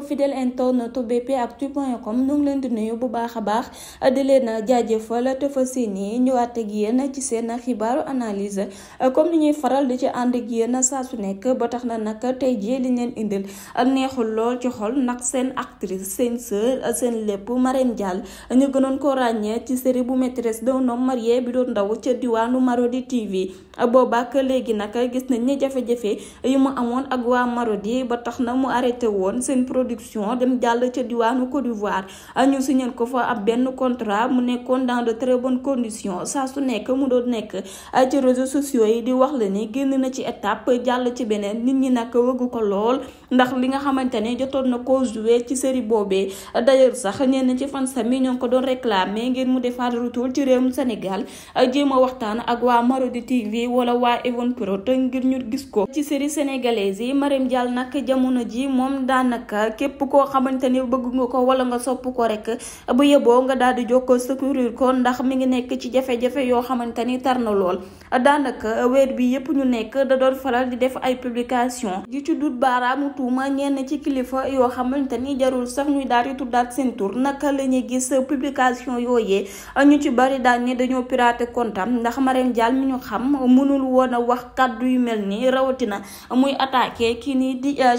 fidèle internaute bpactu point com ñu ngi leen di nuyu bu baax a baax di leen jaajëfal te fa seeni ñëwaat ak yéen ci seen xibaaru analyse comme ni ñuy faral di ci ànd ak yéen saa su nekk ba tax na nag tey jii li leen indil neexul lool ci xol nag seen actrice seen sœur seen lépp Marème Dial ñu gënoon ko ràññee ci série bu maîtresse d'un homme marié bi doon ndaw ca diwaanu Marodi TV boobaak léegi nag gis nañ ne jafe-jafe yu mu amoon na mu arrêté woon production dem jàll ca diwaanu Côte d'Ivoire ñu signal ko fa ab benn contrat mu nekkoon dans de très bonnes conditions saa su nekk mu doon nekk ah, ci réseaux sociaux yi di wax la ni génn na ci étape jàll ci beneen nit ñi nag wëgg ko lool ndax li nga xamante ne jotoon na ko joué ci série boobee d'ailleurs sax ñenn ci fan sami ñoo ko doon réclamer ngir mu defaat retour ci réewum Sénégal ah, jéem a waxtaan ak waa Marodi TV wala waa Evon te ngir ñu gis ko ci série sénégalaise képp koo xamante ni bëgg nga ko wala nga sopp ko rek bu yeboo nga daal di ko secourir ko ndax mi ngi nekk ci jafe-jafe yoo xamante ni tar na lool daanaka weer bi yëpp ñu nekk da doon faral di def ay publication di ci dut baaraamu tuuma ñenn ci kilifa yoo xamante ni jarul sax ñuy daal di tuddaat seen tur naka la gis publication yooye yooyee ñu ci bari daan ni dañoo piraate kontam ndax Marème Dial mi ñu xam mënul woon a wax kàddu yu mel ni rawatina muy attaqué nii di euh,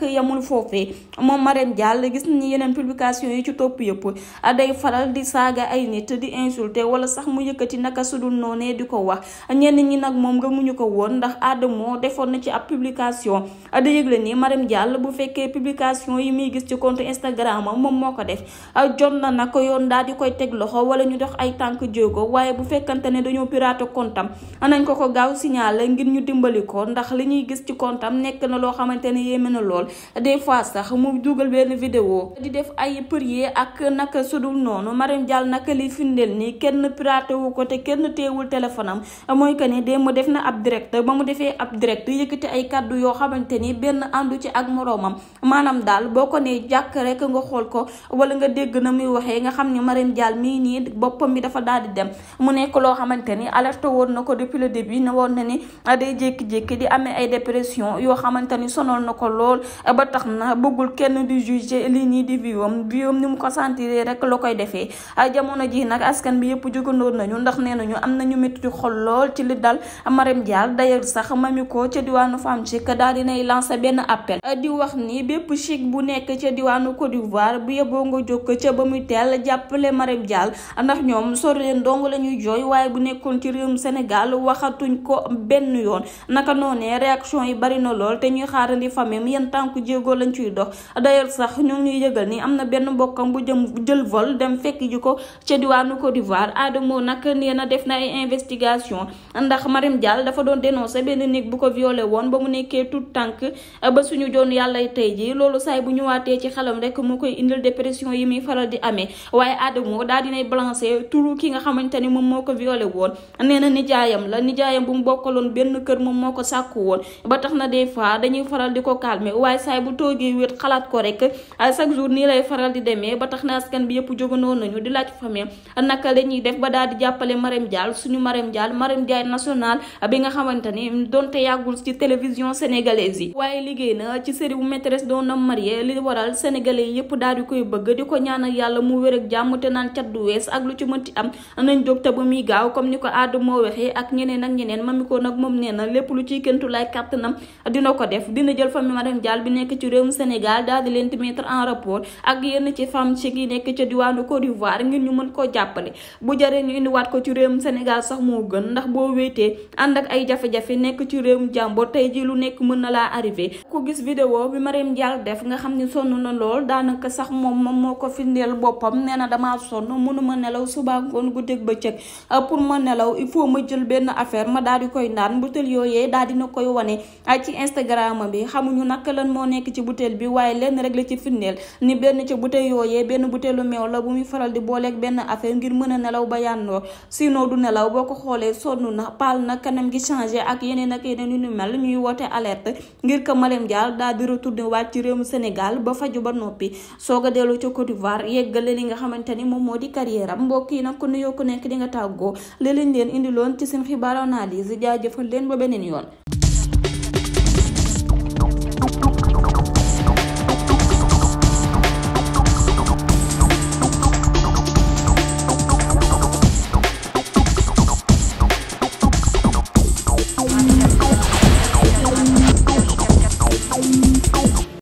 nag yamul foofee moom Marème Diall gis nañu yeneen publication yi ci topp yëpp day faral di saaga ay nit di insulté wala sax mu yëkkati naka sudul noonee di ko wax ñenn ñi nag moom nga gëmuñu ko woon ndax moo defoon na ci ab publication a di yëgle ni Marème Diall bu fekkee publication yi muy gis ci compte Instagram moom moo ko def a jot na nag yoon daal di koy teg loxo wala ñu dox ay tànk jéego waaye bu fekkante ne dañoo piraté kontam nañ ko ko gaaw signalé ngir ñu dimbali ko ndax li ñuy gis ci kontam nekk na loo xamante ne yéeme na lool des fois sax mu dugal benn vidéo di def ay prier ak naka sudul noonu Mariam Diallo naka li findeel nii kenn piraté wu ko te kenn teewul téléphone am mooy que ne démb def na ab direct ba mu defee ab direct yëkkati ay kàddu yoo xamante ni benn àndu ci ak moroomam maanaam daal boo ko nee jàkk rek nga xool ko wala nga dégg na muy waxee nga xam ne Mariam Diallo mii nii boppam bi dafa daal di dem mu nekk loo xamante ni alerte woon na ko depuis le début ne woon na ni day jékki-jékki di amee ay dépression yoo xamante ni sonal na ko lool ba tax na bëggul kenn di juger lii nii di viom viom ni mu ko sentir rek la koy defee ah, jamono ji nag askan bi yëpp jugandoon nañu ndax nee nañu am nañu métti xol lool ci li dal Marème Dial d'ailleurs sax mami ko ca diwaanu femme chic daal dinay lancé benn appel ah, di wax ni bépp chic bu nekk ca diwaanu Côte d'Ivoire bu yeboo nga jóg ca ba muy teel jàppale Marème Dial ah, ndax ñoom sori dong la ñuy jooy waaye bu nekkoon ci réewum Sénégal waxatuñ ko benn yoon naka noonee réaction yi bari na lool te ñuy xaarandi famille yéen tànku jéego lañ ciy dox d'ailleurs sax ñoo ngi ñuy yëgal ni am na benn mbokkam bu jëm bu jël vol dem fekk ji ko ca diwaanu Côte d'Ivoire Adamo nag na def na ay investigation ndax Mariam Dial dafa doon dénoncé benn néeg bu ko violé woon ba mu nekkee tout tànk ba suñu joon yàlla tey jii loolu saay bu ñëwaatee ci xelam rek moo koy indil dépression yi muy faral di amee waaye Adamo daal dinay balancé turu ki nga xamante ni moom moo ko violé woon nee na nijaayam la nijaayam bu mu bokkaloon benn kër moom moo ko sàkku woon waaye saay bu toogee wéet xalaat ko rek chaque jour nii lay faral di demee ba tax na askan bi yëpp jógandoo nañu di laaj famille naka la ñuy def ba daal di jàppale Marème Dial suñu Marème Dial Marème Dial bi nga xamante ni donte yàggul ci télévision sénégalaise yi waaye liggéey na ci série bu maîtresse d'un homme marié li waral sénégalais yëpp daal di koy bëgg di ko ñaanal yàlla mu wér ak jàmm te naan cat du wees ak lu ci mënti am nañ jóg te ba muy gaaw comme ni ko aada moo waxee ak ñeneen ak ñeneen mami ko nag moom nee na lépp lu ci kentu lay kàttanam dina ko def dina jël famille Marème Dial rural bi nekk ci réewum Sénégal daal di leen di mettre en rapport ak yenn ci femme ci gi nekk ca diwaanu Côte d'Ivoire ngir ñu mën koo jàppale bu jaree ñu indiwaat ko ci réewum Sénégal sax moo gën ndax boo wéetee ànd ak ay jafe-jafe nekk ci réewum jàmbur tey ji lu nekk mën na laa arrivé ku gis vidéo bi ma Mariam Diallo def nga xam ni sonn na lool daanaka sax moom moom moo ko firndeel boppam nee na damaa sonn mënuma nelaw suba ngoon guddeeg bëccëg ah, pour ma nelaw il faut ma jël benn affaire ma daal di koy naan mbutal yooyee daal dina koy wane ci moo nekk ci butéel bi waaye lenn rek la ci firndeel ni benn ca butéel yooyee benn butéelu meew la bu muy faral di booleeg benn affaire ngir mën a nelaw ba yàndoor sinon du nelaw boo ko xoolee sonnu na paal na kanam gi changé ak yeneen ak yeneen yu ñu mel ñuy woote alerte ngir que Malem Dial daal di retourné waat ci réewum Sénégal ba faju ba noppi soog a dellu ci ca Côte d'Ivoire yeggale li nga xamante ni moom moo di carrière am mbokk yi nag ku nuyoo ku nekk di nga tàggoo li leen indiloon ci seen xibaar analyse jaajëfal leen ba beneen yoon